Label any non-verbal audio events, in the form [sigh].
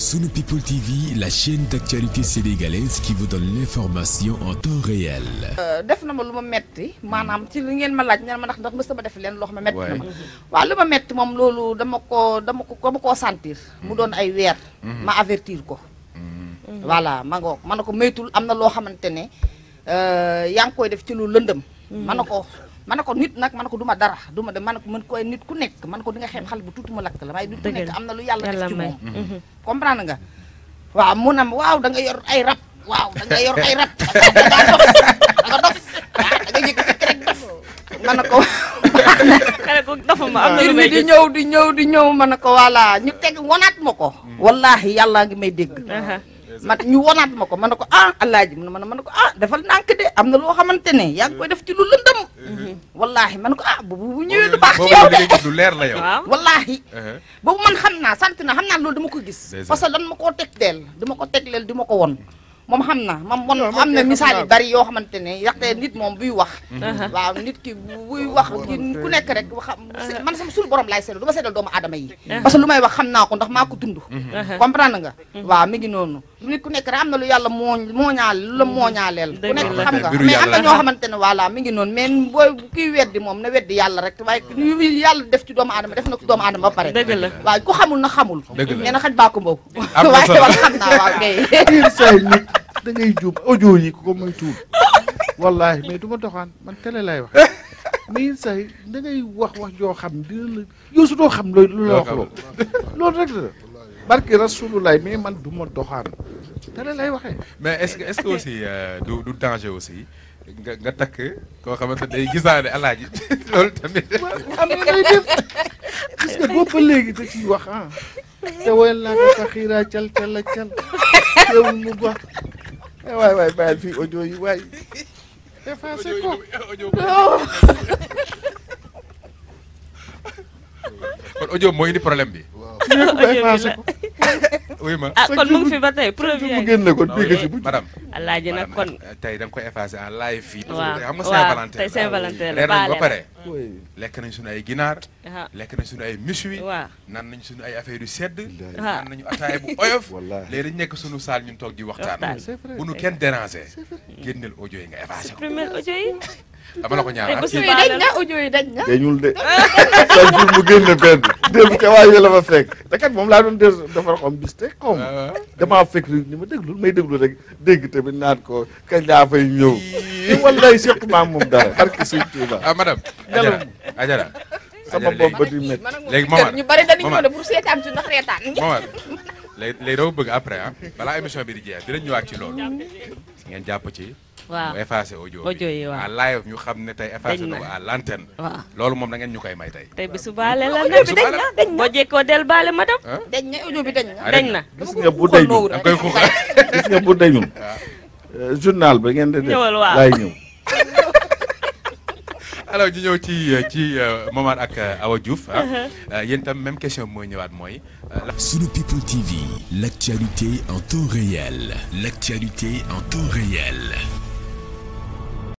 Sunu People TV, la chaîne d'actualité sénégalaise qui vous donne l'information en temps réel. Euh, def na ma lu ma metti maanaam ci li ngeen ma laaj ngeen ma ndax ndax mës ma def leen loo xam ne metti na ma waaw lu ma metti moom loolu dama ko dama ko dama koo sentir mu mm. doon ay weer mm-hmm. ma avertir ko mm-hmm. mm. voilà ma ngoog ma ne ko moytul am na loo xamante ne euh, yaa ngi koy def ci lu lëndëm mm. man ne ko man ne ko nit nag ma ne ko du dara duma ma de ma ne ko mën koy nit ku nekk man ko di nga xeeb xal bu tuuti mu lakk la waaye nit ku nekk am na lu yàlla def ci moom mhm. mm-hmm. comprendre nga waaw mu ne yor ay rab waaw da nga yor ay rab [laughs] da nga dof ma ne ko mbir mi di ñëw di ñëw di ñëw ma ne ko voilà ñu teg wonaat ma ko mm. wallaahi yàlla ngi may dégg man ñu wanaat ma ko ma ne ko ah alaaji mu ne man ne ko ah defal nànk de am na loo xamante ne yaa ngi koy def ci lu lëndëm mhm. wallaahi ma ne ko ah boobu bu ñëwee lu baax ci yow de lu leer la yow wallaahi uh-huh. boobu man xam naa sant na xam naa loolu dama ko gis parce que lan ma koo teg deel dama ko teg di ma ko won moom xam na moom man am na misaal yu bari yoo xamante ne yaxte nit moom buy wax uh-huh. waaw nit ki buy wax ku nekk rek xam uh-huh. man borom laay seetal du ma seetal doomu aadama yi uh-huh. parce que lu may wax xam naa ko ndax maa ko dund nga waaw mi noonu nit ku nekk rek am na lu yàlla moo lu la mooñaaleel ku nekk xam nga mais am na ne voilà mi ngi noonu mais booy kiy weddi moom na weddi yàlla rek waaye yàlla def ci doomu aadama def na ko doomu aadama ba pare waaw ku xamul na xamul nee na xaj baako mbaw [laughs] waaye wala xam naa waaw kay [laughs] da ngay juum audio yi ko moytuwul wallaahi mais du ma doxaan man télé lay wax mais say da ngay wax wax joo xam dina la yow su doo xam looy lu la wax loolu loolu rek la barki rasulullah mais man du ma doxaan télé lay waxee mais est-ce que est-ce que aussi euh, du du danger aussi nga nga takk koo xamante day gisaane alaaji loolu tamit am na ngay def gis nga boobu ba léegi da ciy wax ah te woyal naa ko sa xiiraa cal cal la cal teewul mu baax waay waay bàyyil fii audio yi waay effacé ko kon audio mooy indi problème bi. waaw ko ba [laughs] oui ma ah kon mu ngi fi ba tey premier mu génne ah, eh, ko dégg nag kon tey da koy effacé à live fii xam nga saint leer nañ ba pare lekk nañ suñu ay ginaar lekk nañ suñu ay miss waaw nan nañ suñu ay affaire yu sedd nan nañu ataaya bu oyof léegi dañ nekk suñu saal ñun toog di waxtaan bu nu kenn déranger génneel audio yi nga effacé ko supprimer audio yi [laughs] dama la ko ñaanal bu suy dañ na uju yi dañ na. ñuul de [laughs] chaque jour mu génne benn. démb ca waa la ma fekk te kat moom laa doon dé defar xom bis te comme ah. damaa fekk ni ma déglu may déglu rek dégg tamit naan ko kañ laa fay ñëw. wallaay seq maam moom dara barke Sëñ Tuuba. ah madame. ajara ajara sama bopp ba di métti léegi maman ñu bari dañu ñëw de pour seetaan ci ndax reetaan léegi dama bëgg après ah balaa émission bi di jeex dinañ ak ci loolu ngeen jàpp ci. waaw mu effacé audio yi waaw ñu xam ne tey effacé na ko à loolu moom da ngeen ñu koy may tey. tey bisu baale la na bi dañ na dañ na boo del baale madam. dañ na dañ na dañ na. nga bu dee ñun da nga koy xuuxal gis nga bu dee ñun. [laughs] Ah. Euh, journal ba ngeen di def. ñëwal waaw alors ñu ñëw ci euh, ci euh, Momar ak euh, Awa Diouf ah uh-huh. yéen itam même question bi mooy ñëwaat mooy. Sunu People TV l'actualité en temps réel l'actualité en temps réel.